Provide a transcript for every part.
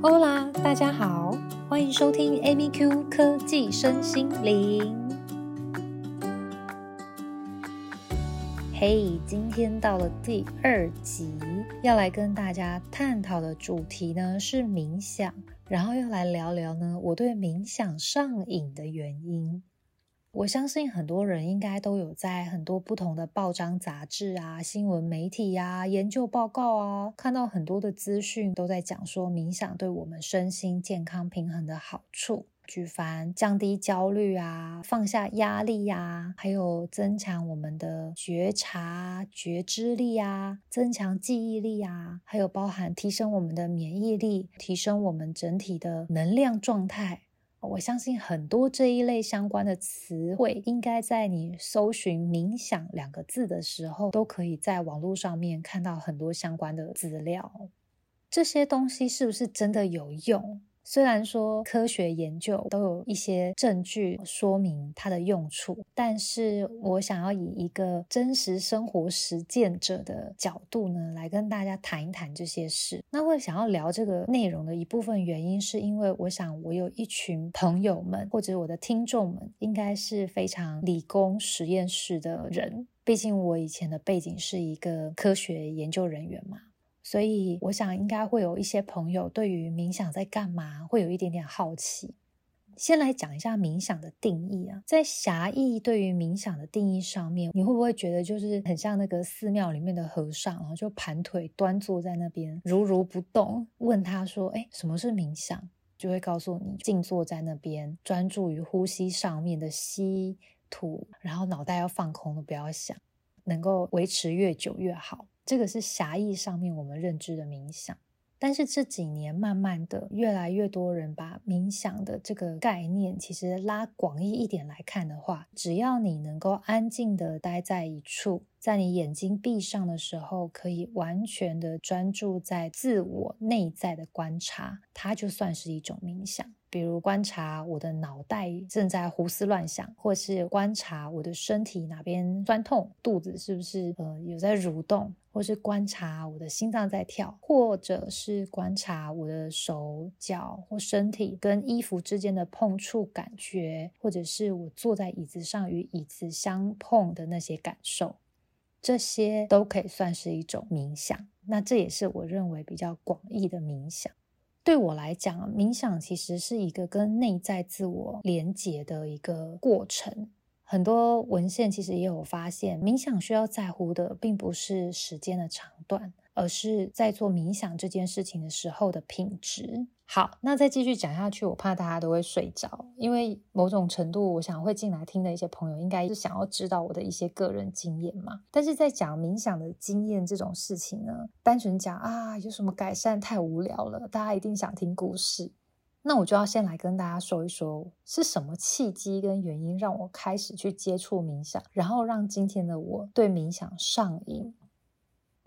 Hola，大家好，歡迎收聽 AmyQ 科技身心靈。嘿，Hey，今天到了第二集，要來跟大家探討的主題呢，是冥想，然後要來聊聊呢，我對冥想上癮的原因。我相信很多人應該都有在很多不同的報章雜誌啊、新聞媒體啊、研究報告啊，看到很多的資訊都在講說冥想對我們身心健康平衡的好處，舉凡降低焦慮啊、放下壓力呀、啊，還有增強我們的覺察、覺知力啊，增強記憶力啊，還有包含提升我們的免疫力、提升我們整體的能量狀態。我相信很多這一類相關的詞彙，應該在你搜尋“冥想”兩個字的時候，都可以在網絡上面看到很多相關的資料。這些東西是不是真的有用？雖然說科學研究都有一些證據說明它的用處，但是我想要以一個真實生活實踐者的角度呢，來跟大家談一談這些事。那會想要聊這個內容的一部分原因，是因為我想我有一群朋友們或者我的聽眾們，應該是非常理工實驗室的人，畢竟我以前的背景是一個科學研究人員嘛。所以，我想應該會有一些朋友對於冥想在幹嘛會有一點點好奇。先來講一下冥想的定義啊，在狹義對於冥想的定義上面，你會不會覺得就是很像那個寺廟裡面的和尚，然後就盤腿端坐在那邊如如不動？問他說：“哎，什麼是冥想？”就會告訴你靜坐在那邊，專注於呼吸上面的吸吐，然後腦袋要放空的，不要想，能夠維持越久越好。這個是狹義上面我們認知的冥想，但是這幾年慢慢的，越來越多人把冥想的這個概念，其實拉廣義一點來看的話，只要你能夠安靜的待在一處，在你眼睛閉上的時候，可以完全的專注在自我內在的觀察，它就算是一種冥想。比如觀察我的腦袋正在胡思亂想，或是觀察我的身體哪邊酸痛，肚子是不是呃有在蠕動，或是觀察我的心臟在跳，或者是觀察我的手腳或身體跟衣服之間的碰觸感覺，或者是我坐在椅子上與椅子相碰的那些感受，這些都可以算是一種冥想。那這也是我認為比較廣義的冥想。對我來講，冥想其實是一個跟內在自我連接的一個過程。很多文獻其實也有發現，冥想需要在乎的並不是時間的長短，而是在做冥想這件事情的時候的品質。好，那再繼續講下去，我怕大家都會睡着，因為某種程度，我想會進來聽的一些朋友，應該是想要知道我的一些個人經驗嘛。但是在講冥想的經驗這種事情呢，單純講啊有什麼改善太無聊了，大家一定想聽故事。那我就要先來跟大家說一說，是什麼契機跟原因讓我開始去接觸冥想，然後讓今天的我對冥想上癮。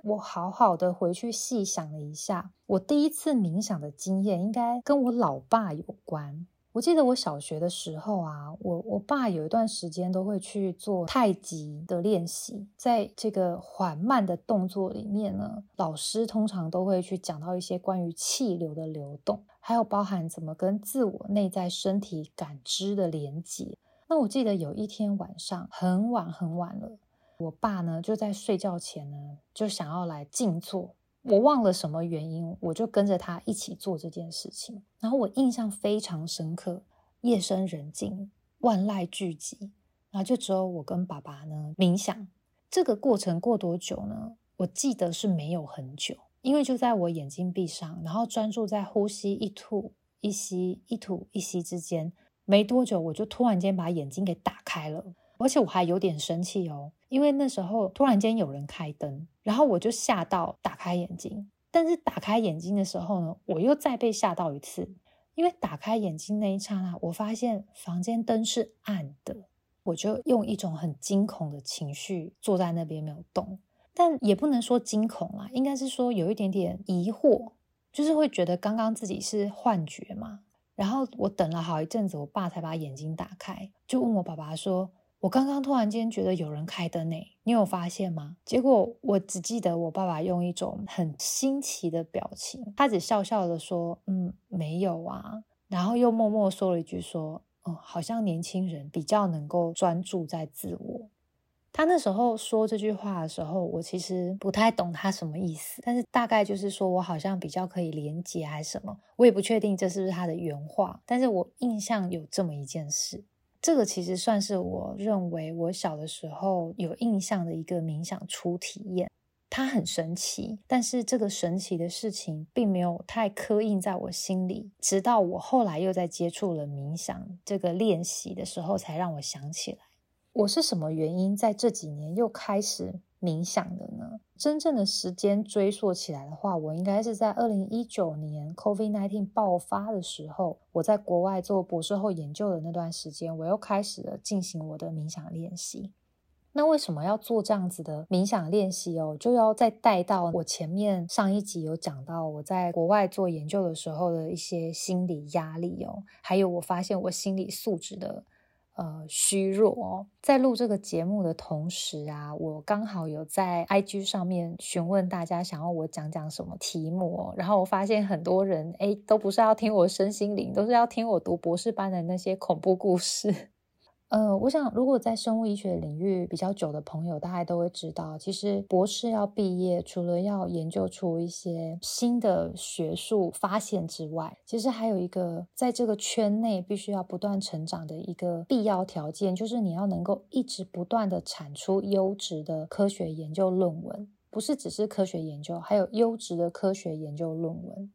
我好好的回去細想了一下，我第一次冥想的經驗應該跟我老爸有關。我記得我小學的時候啊，我我爸有一段時間都會去做太極的練習，在這個緩慢的動作裡面呢，老師通常都會去講到一些關於氣流的流動，還有包含怎麼跟自我內在身體感知的連接。那我記得有一天晚上很晚很晚了。我爸呢，就在睡覺前呢，就想要來靜坐。我忘了什麼原因，我就跟着他一起做這件事情。然後我印象非常深刻，夜深人靜，萬籟俱寂，然後就只有我跟爸爸呢冥想。這個過程過多久呢？我記得是沒有很久，因為就在我眼睛閉上，然後專注在呼吸一吐一吸一吐一吐一吸之間，沒多久我就突然間把眼睛給打開了，而且我還有點生氣哦。因為那時候突然間有人開燈，然後我就嚇到打開眼睛。但是打開眼睛的時候呢，我又再被嚇到一次，因為打開眼睛那一剎那，我發現房間燈是暗的，我就用一種很驚恐的情緒坐在那邊沒有動。但也不能說驚恐啦，應該是說有一點點疑惑，就是會覺得剛剛自己是幻覺嘛。然後我等了好一陣子，我爸才把眼睛打開，就問我爸爸說。我剛剛突然間覺得有人開燈誒，你有發現嗎？結果我只記得我爸爸用一種很新奇的表情，他只笑笑的說：“嗯，沒有啊。”然後又默默說了一句說：“哦，好像年輕人比較能夠專注在自我。”他那時候說這句話的時候，我其實不太懂他什麼意思，但是大概就是說我好像比較可以連接還是什麼，我也不確定這是不是他的原話，但是我印象有這麼一件事。這個其實算是我認為我小的時候有印象的一個冥想初體驗，它很神奇，但是這個神奇的事情並沒有太刻印在我心裡，直到我後來又在接觸了冥想這個練習的時候，才讓我想起來，我是什麼原因在這幾年又開始？冥想的呢？真正的時間追溯起來的話，我應該是在二零一九年 COVID-19 爆發的時候，我在國外做博士後研究的那段時間，我又開始了進行我的冥想練習。那為什麼要做這樣子的冥想練習哦？就要再帶到我前面上一集有講到我在國外做研究的時候的一些心理壓力哦，還有我發現我心理素質的。呃，虛弱哦，在錄這個節目的同時啊，我剛好有在 IG 上面詢問大家想要我講講什麼題目哦，然後我發現很多人誒，都不是要聽我身心靈，都是要聽我讀博士班的那些恐怖故事。呃，我想，如果在生物醫學領域比較久的朋友，大概都會知道，其實博士要畢業，除了要研究出一些新的學術發現之外，其實還有一個在這個圈內必須要不斷成長的一個必要條件，就是你要能夠一直不斷的產出優質的科學研究論文，不是只是科學研究，還有優質的科學研究論文。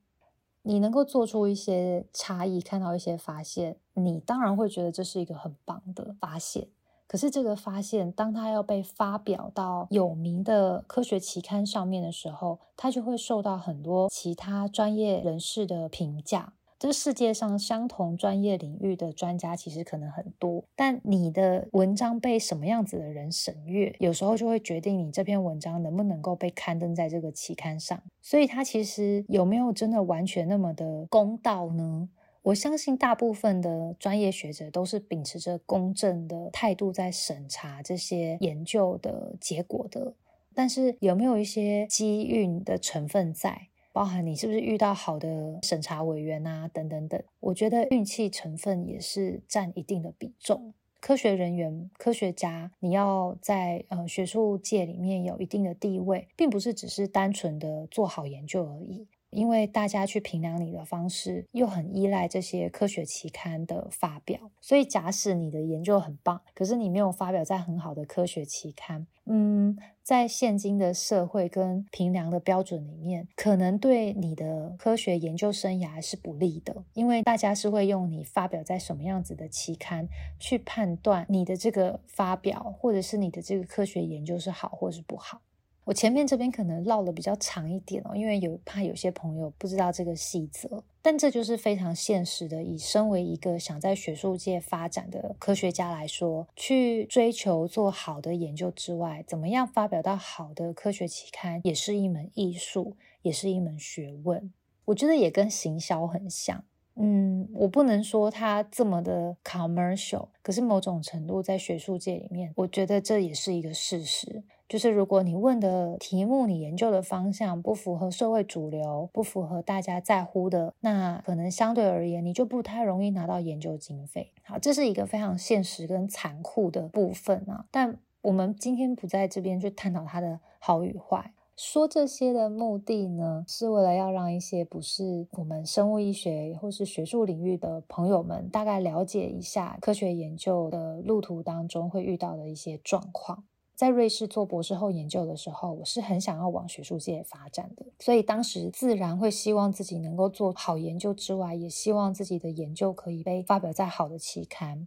你能夠做出一些差異，看到一些發現，你當然會覺得這是一個很棒的發現。可是，這個發現，當它要被發表到有名的科學期刊上面的時候，它就會受到很多其他專業人士的評價。這世界上相同專業領域的專家其實可能很多，但你的文章被什麼樣子的人審閱，有時候就會決定你這篇文章能不能夠被刊登在這個期刊上。所以它其實有沒有真的完全那麼的公道呢？我相信大部分的專業學者都是秉持着公正的態度在審查這些研究的結果的，但是有沒有一些機運的成分在？包含你是不是遇到好的審查委員啊，等等等。我覺得運氣成分也是佔一定的比重。科學人員、科學家，你要在呃、嗯、學術界裡面有一定的地位，並不是只是單純的做好研究而已。因為大家去評量你的方式，又很依賴這些科學期刊的發表。所以，假使你的研究很棒，可是你沒有發表在很好的科學期刊，嗯。在現今的社會跟評量的標準裡面，可能對你的科學研究生涯是不利的，因為大家是會用你發表在什麼樣子的期刊去判斷你的這個發表，或者是你的這個科學研究是好或是不好。我前面這邊可能繞的比較長一點哦，因為有怕有些朋友不知道這個細則，但這就是非常現實的。以身為一個想在學術界發展的科學家來說，去追求做好的研究之外，怎麼樣發表到好的科學期刊，也是一門藝術，也是一門學問。我覺得也跟行銷很像。嗯，我不能說它這麼的 commercial，可是某種程度在學術界裡面，我覺得這也是一個事實，就是如果你問的題目、你研究的方向不符合社會主流，不符合大家在乎的，那可能相對而言你就不太容易拿到研究經費。好，這是一個非常現實跟殘酷的部分啊，但我們今天不在這邊去探討它的好與壞。說這些的目的呢，是為了要讓一些不是我們生物醫學或是學術領域的朋友們，大概了解一下科學研究的路途當中會遇到的一些狀況。在瑞士做博士後研究的時候，我是很想要往學術界發展的，所以當時自然會希望自己能夠做好研究之外，也希望自己的研究可以被發表在好的期刊。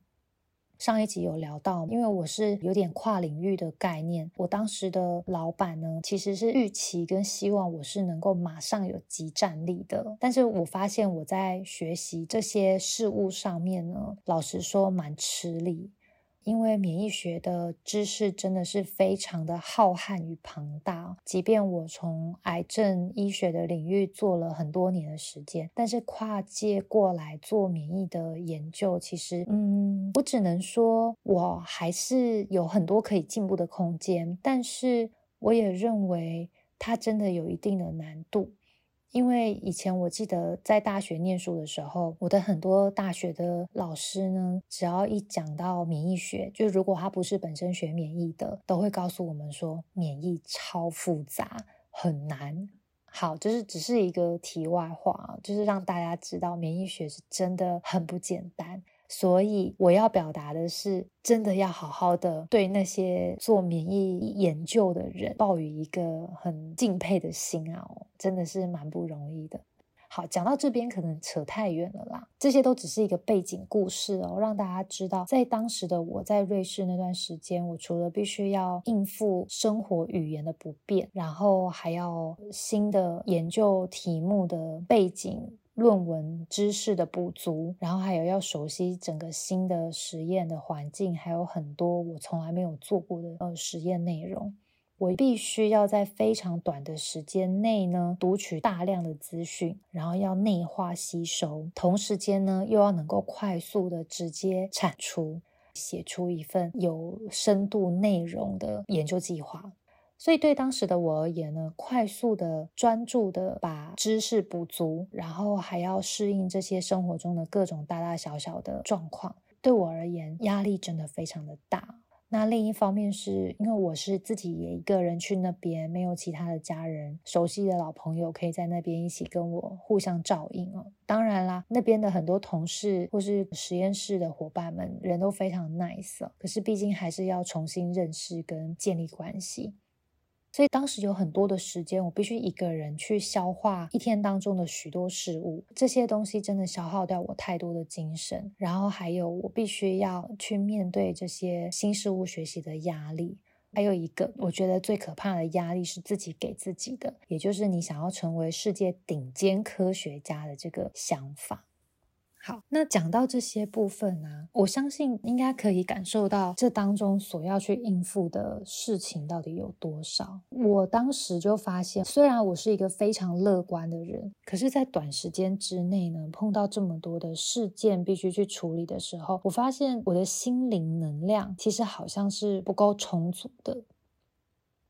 上一集有聊到，因為我是有點跨領域的概念，我當時的老闆呢，其實是預期跟希望我是能夠馬上有即戰力的，但是我發現我在學習這些事物上面呢，老實說蠻吃力。因為免疫學的知識真的是非常的浩瀚與龐大，即便我從癌症醫學的領域做了很多年的時間，但是跨界過來做免疫的研究，其實，嗯，我只能說我還是有很多可以進步的空間，但是我也認為它真的有一定的難度。因為以前我記得在大學念書的時候，我的很多大學的老師呢，只要一講到免疫學，就如果他不是本身學免疫的，都會告訴我們說免疫超複雜，很難。好，就是只是一個題外話，就是讓大家知道免疫學是真的很不簡單。所以我要表達的是，真的要好好的對那些做免疫研究的人抱有一個很敬佩的心啊，哦，真的是蠻不容易的。好，講到這邊可能扯太遠了啦，這些都只是一個背景故事哦，讓大家知道，在當時的我在瑞士那段時間，我除了必須要應付生活語言的不便，然後還要新的研究題目的背景。論文知識的補足，然後還有要熟悉整個新的實驗的環境，還有很多我從來沒有做過的呃實驗內容，我必須要在非常短的時間內呢讀取大量的資訊，然後要內化吸收，同時間呢又要能夠快速的直接產出，寫出一份有深度內容的研究計劃。所以對當時的我而言呢，快速的、專注的把知識補足，然後還要適應這些生活中的各種大大小小的狀況，對我而言壓力真的非常的大。那另一方面是因為我是自己也一個人去那邊，沒有其他的家人、熟悉的老朋友可以在那邊一起跟我互相照應啊。當然啦，那邊的很多同事或是實驗室的夥伴們人都非常 nice 哦，可是畢竟還是要重新認識跟建立關係。所以當時有很多的時間，我必須一個人去消化一天當中的許多事物，這些東西真的消耗掉我太多的精神。然後還有，我必須要去面對這些新事物學習的壓力。還有一個，我覺得最可怕的壓力是自己給自己的，也就是你想要成為世界頂尖科學家的這個想法。好，那講到這些部分呢、啊，我相信應該可以感受到這當中所要去應付的事情到底有多少？我當時就發現，雖然我是一個非常樂觀的人，可是，在短時間之內呢，碰到這麼多的事件必須去處理的時候，我發現我的心靈能量其實好像是不夠充足的。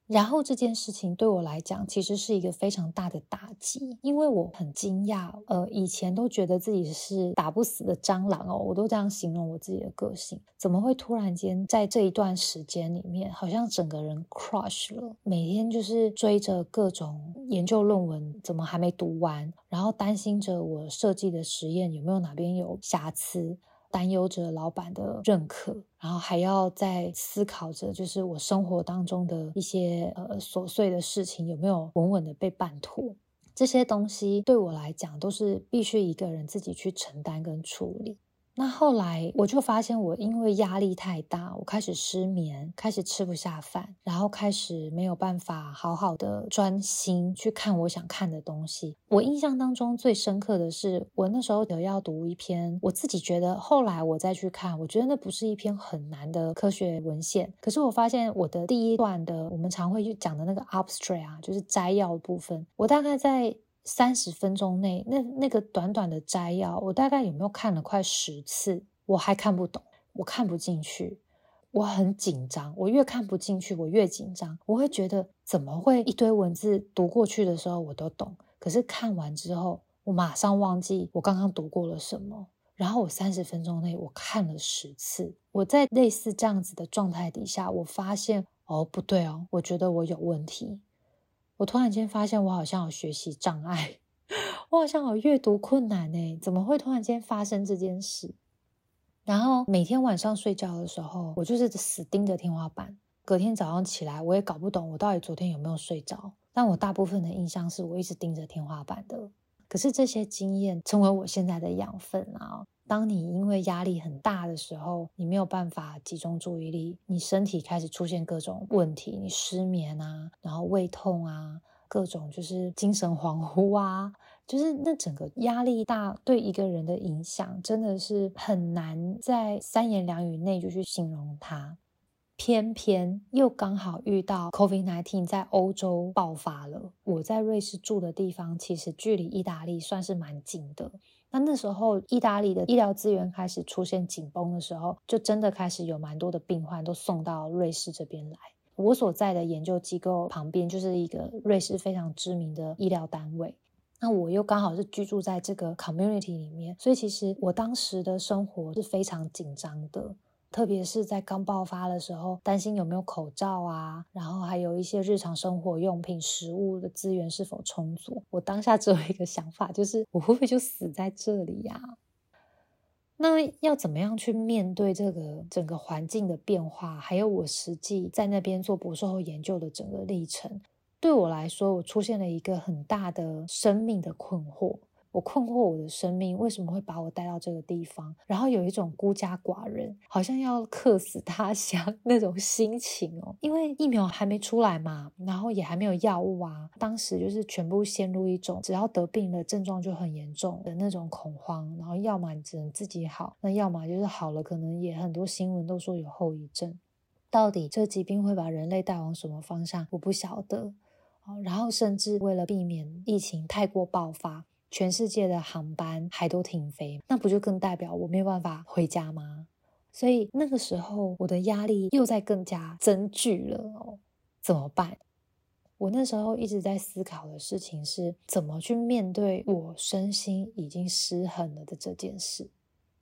然後這件事情對我來講，其實是一個非常大的打擊，因為我很驚訝，呃，以前都覺得自己是打不死的蟑螂哦，我都這樣形容我自己的個性，怎麼會突然間在這一段時間裡面，好像整個人 crush 了，每天就是追着各種研究論文，怎麼還沒讀完，然後擔心着我設計的實驗有沒有哪邊有瑕疵。擔憂着老闆的認可，然後還要再思考着，就是我生活當中的一些呃瑣碎的事情有沒有穩穩的被辦妥。這些東西對我來講都是必須一個人自己去承擔跟處理。那後來我就發現，我因為壓力太大，我開始失眠，開始吃不下飯，然後開始沒有辦法好好的專心去看我想看的東西。我印象當中最深刻的是，我那時候有要讀一篇，我自己覺得後來我再去看，我覺得那不是一篇很難的科學文獻。可是我發現我的第一段的，我們常會去講的那個 abstract 啊，就是摘要的部分，我大概在。三十分鐘內，那那個短短的摘要，我大概有沒有看了快十次？我還看不懂，我看不進去，我很緊張。我越看不進去，我越緊張。我會覺得怎麼會一堆文字讀過去的時候我都懂，可是看完之後我馬上忘記我剛剛讀過了什麼。然後我三十分鐘內我看了十次，我在類似這樣子的狀態底下，我發現哦不對哦，我覺得我有問題。我突然間發現，我好像有學習障礙，我好像有閱讀困難呢。怎麼會突然間發生這件事？然後每天晚上睡覺的時候，我就是死盯着天花板。隔天早上起來，我也搞不懂我到底昨天有沒有睡着，但我大部分的印象是我一直盯着天花板的。可是這些經驗成為我現在的養分啊。當你因為壓力很大的時候，你沒有辦法集中注意力，你身體開始出現各種問題，你失眠啊，然後胃痛啊，各種就是精神恍惚啊，就是那整個壓力大對一個人的影響，真的是很難在三言兩語內就去形容它。偏偏又剛好遇到 COVID-19 在歐洲爆發了，我在瑞士住的地方其實距離意大利算是蠻近的。那那時候，意大利的醫療資源開始出現緊繃的時候，就真的開始有蠻多的病患都送到瑞士這邊來。我所在的研究機構旁邊就是一個瑞士非常知名的醫療單位，那我又剛好是居住在這個 community 裡面，所以其實我當時的生活是非常緊張的。特別是在剛爆發的時候，擔心有沒有口罩啊，然後還有一些日常生活用品、食物的資源是否充足。我當下只有一個想法，就是我會不會就死在這裡呀啊？那要怎麼樣去面對這個整個環境的變化，還有我實際在那邊做博士後研究的整個歷程，對我來說，我出現了一個很大的生命的困惑。我困惑，我的生命為什麼會把我帶到這個地方？然後有一種孤家寡人，好像要客死他鄉那種心情哦。因為疫苗還沒出來嘛，然後也還沒有藥物啊。當時就是全部陷入一種只要得病了症狀就很嚴重的那種恐慌。然後要麼你只能自己好，那要麼就是好了，可能也很多新聞都說有後遺症。到底這疾病會把人類帶往什麼方向？我不曉得。然後甚至為了避免疫情太過爆發。全世界的航班還都停飛，那不就更代表我沒有辦法回家嗎？所以那個時候我的壓力又在更加增劇了哦，怎麼辦？我那時候一直在思考的事情是怎麼去面對我身心已經失衡了的這件事，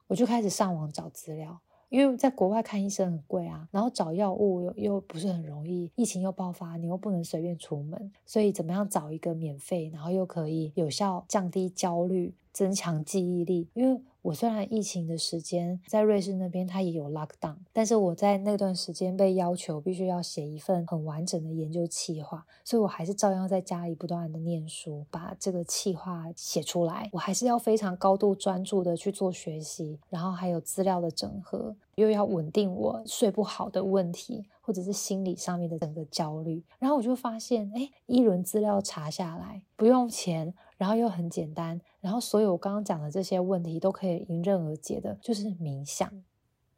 我就開始上網找資料。因為在國外看醫生很貴啊，然後找藥物又又不是很容易，疫情又爆發，你又不能隨便出門，所以怎麼樣找一個免費，然後又可以有效降低焦慮、增強記憶力，因為我雖然疫情的時間在瑞士那邊，它也有 lockdown，但是我在那段時間被要求必須要寫一份很完整的研究計劃，所以我還是照樣在家裡不斷的念書，把這個計劃寫出來。我還是要非常高度專注的去做學習，然後還有資料的整合，又要穩定我睡不好的問題，或者是心理上面的整個焦慮。然後我就發現，哎、欸，一輪資料查下來，不用錢。然後又很簡單，然後所有我剛剛講的這些問題都可以迎刃而解的，就是冥想。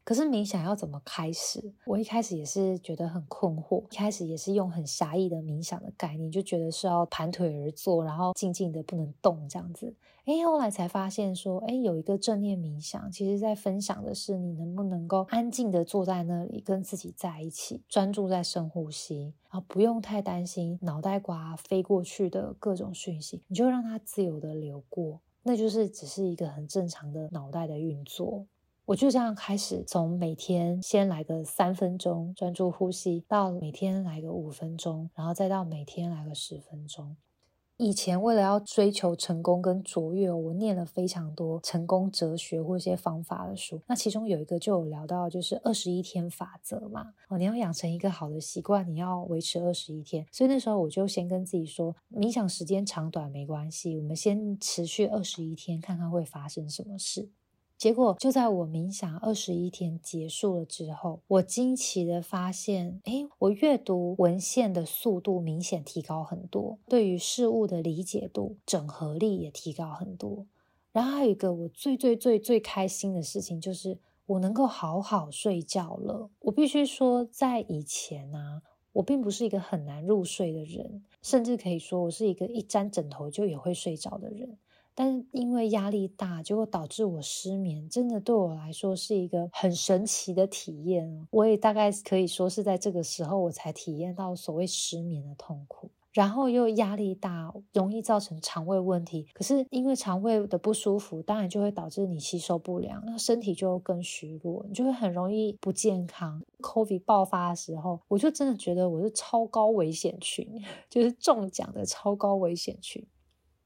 可是冥想要怎麼開始？我一開始也是覺得很困惑，一開始也是用很狹義的冥想的概念，就覺得是要盤腿而坐，然後靜靜的不能動這樣子。誒，後來才發現說，誒，有一個正念冥想，其實在分享的是你能不能夠安靜的坐在那裡，跟自己在一起，專注在深呼吸，然後不用太擔心腦袋瓜飛過去的各種訊息，你就讓它自由的流過，那就是只是一個很正常的腦袋的運作。我就這樣開始，從每天先來個三分鐘專注呼吸，到每天來個五分鐘，然後再到每天來個十分鐘。以前為了要追求成功跟卓越，我念了非常多成功哲學或一些方法的書。那其中有一個就有聊到，就是二十一天法則嘛。哦，你要養成一個好的習慣，你要維持二十一天。所以那時候我就先跟自己說，冥想時間長短沒關係，我們先持續二十一天，看看會發生什麼事。結果就在我冥想二十一天結束了之後，我驚奇的發現，誒，我閱讀文獻的速度明顯提高很多，對於事物的理解度、整合力也提高很多。然後還有一個我最最最最開心的事情，就是我能夠好好睡覺了。我必須說，在以前呢、啊，我並不是一個很難入睡的人，甚至可以說我是一個一沾枕頭就也會睡着的人。但是因為壓力大，結果導致我失眠，真的對我來說是一個很神奇的體驗。我也大概可以說是在這個時候，我才體驗到所謂失眠的痛苦。然後又壓力大，容易造成腸胃問題。可是因為腸胃的不舒服，當然就會導致你吸收不良，那身體就更虛弱，你就會很容易不健康。COVID 爆發的時候，我就真的覺得我是超高危險群，就是中獎的超高危險群。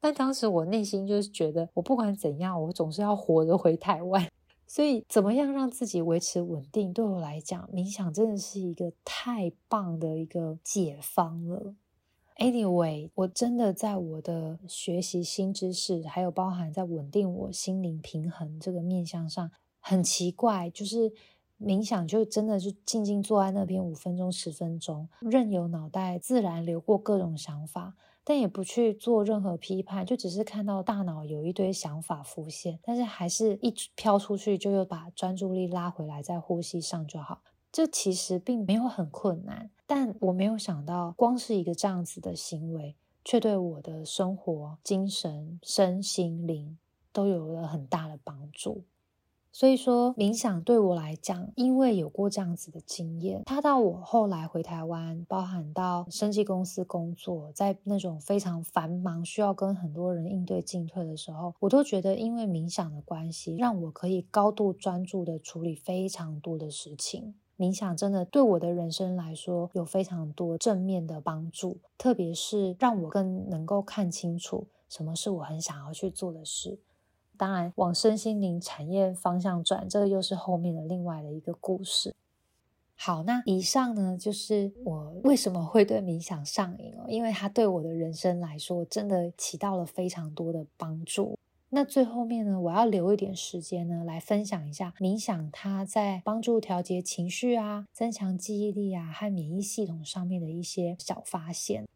但當時我內心就是覺得，我不管怎樣，我總是要活着回台灣。所以，怎麼樣讓自己維持穩定，對我來講，冥想真的是一個太棒的一個解方了。Anyway，我真的在我的學習新知識，還有包含在穩定我心靈平衡這個面向上，很奇怪，就是冥想就真的是靜靜坐在那邊五分鐘、十分鐘，任由腦袋自然流過各種想法。但也不去做任何批判，就只是看到大腦有一堆想法浮現，但是還是一直飄出去，就又把專注力拉回來，在呼吸上就好。這其實並沒有很困難，但我沒有想到，光是一個這樣子的行為，卻對我的生活、精神、身心靈都有了很大的幫助。所以說，冥想對我來講，因為有過這樣子的經驗，它到我後來回台灣，包含到生技公司工作，在那種非常繁忙、需要跟很多人應對進退的時候，我都覺得因為冥想的關係，讓我可以高度專注地處理非常多的事情。冥想真的對我的人生來說有非常多正面的幫助，特別是讓我更能夠看清楚什麼是我很想要去做的事。當然，往身心靈產業方向轉，這個又是後面的另外的一個故事。好，那以上呢，就是我為什麼會對冥想上癮哦，因為它對我的人生來說，真的起到了非常多的幫助。那最後面呢，我要留一點時間呢，來分享一下冥想它在幫助調節情緒啊、增強記憶力啊和免疫系統上面的一些小發現。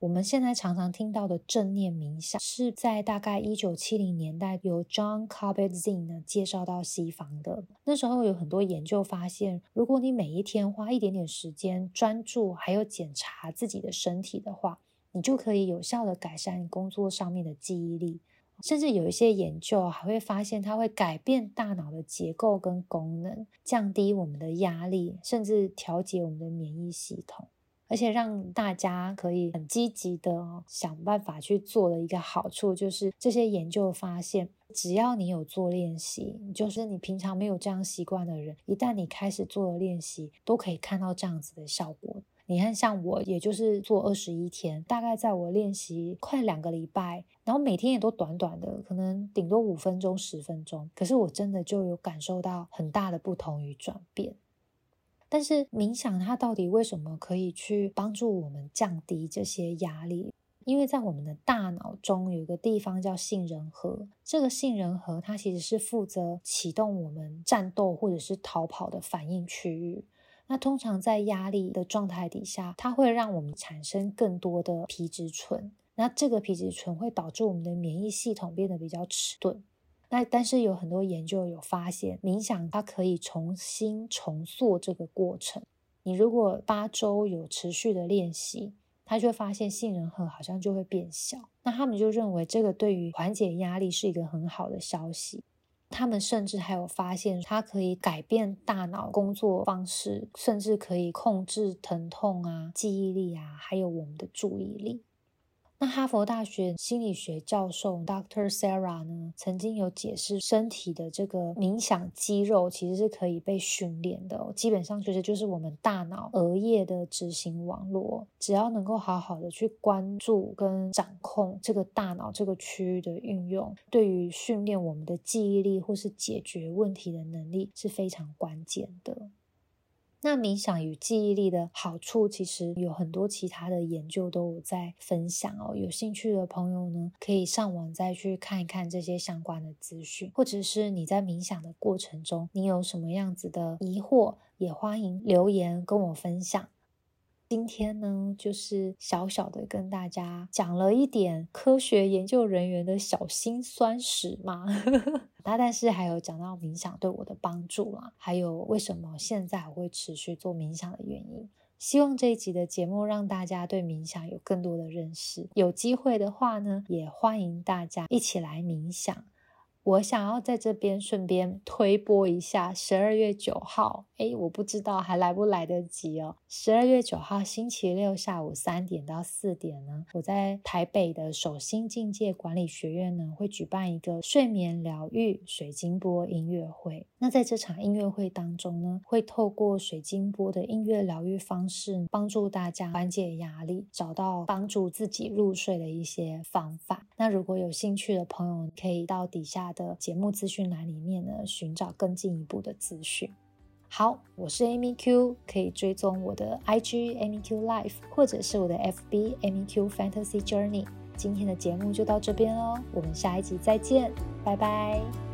我們現在常常聽到的正念冥想，是在大概一九七零年代由 Jon Kabat-Zinn 呢介紹到西方的。那時候有很多研究發現，如果你每一天花一點點時間專注，還有檢查自己的身體的話，你就可以有效的改善工作上面的記憶力。甚至有一些研究還會發現，它會改變大腦的結構跟功能，降低我們的壓力，甚至調節我們的免疫系統。而且讓大家可以很積極的想辦法去做的一個好處，就是這些研究發現，只要你有做練習，就是你平常沒有這樣習慣的人，一旦你開始做了練習，都可以看到這樣子的效果。你看，像我，也就是做二十一天，大概在我練習快兩個禮拜，然後每天也都短短的，可能頂多五分鐘、十分鐘，可是我真的就有感受到很大的不同與轉變。但是冥想它到底為什麼可以去幫助我們降低這些壓力？因為在我們的大腦中有一個地方叫杏仁核，這個杏仁核它其實是負責啟動我們戰鬥或者是逃跑的反應區域。那通常在壓力的狀態底下，它會讓我們產生更多的皮質醇，那這個皮質醇會導致我們的免疫系統變得比較遲鈍。那但是有很多研究有發現，冥想它可以重新重塑這個過程。你如果八周有持續的練習，它就會發現杏仁核好像就會變小。那他們就認為這個對於緩解壓力是一個很好的消息。他們甚至還有發現它可以改變大腦工作方式，甚至可以控制疼痛啊、記憶力啊，還有我們的注意力。那哈佛大學心理學教授 Dr. Sarah 呢，曾經有解釋身體的這個冥想肌肉其實是可以被訓練的哦。基本上，其實就是我們大腦額葉的執行網絡，只要能夠好好的去關注跟掌控這個大腦這個區域的運用，對於訓練我們的記憶力或是解決問題的能力是非常關鍵的。那冥想與記憶力的好處，其實有很多其他的研究都有在分享哦。有興趣的朋友呢，可以上網再去看一看這些相關的資訊，或者是你在冥想的過程中，你有什麼樣子的疑惑，也歡迎留言跟我分享。今天呢，就是小小的跟大家講了一點科學研究人員的小心酸史嘛。那 但，但是還有講到冥想對我的幫助啊，還有為什麼現在我會持續做冥想的原因。希望這一集的節目讓大家對冥想有更多的認識。有機會的話呢，也歡迎大家一起來冥想。我想要在這邊順便推播一下，十二月九號，哎，我不知道還來不來得及哦。十二月九號星期六下午三點到四點呢，我在台北的首新境界管理學院呢會舉辦一個睡眠療癒水晶缽音樂會。那在這場音樂會當中呢，會透過水晶缽的音樂療癒方式，幫助大家緩解壓力，找到幫助自己入睡的一些方法。那如果有興趣的朋友，可以到底下。的節目資訊欄裡面呢，尋找更進一步的資訊。好，我是 Amy Q，可以追蹤我的 IG Amy Q Life，或者是我的 FB Amy Q Fantasy Journey。今天的節目就到這邊嘍，我們下一集再見，拜拜。